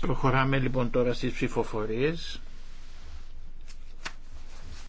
Προχωράμε λοιπόν τώρα στις ψηφοφορίες.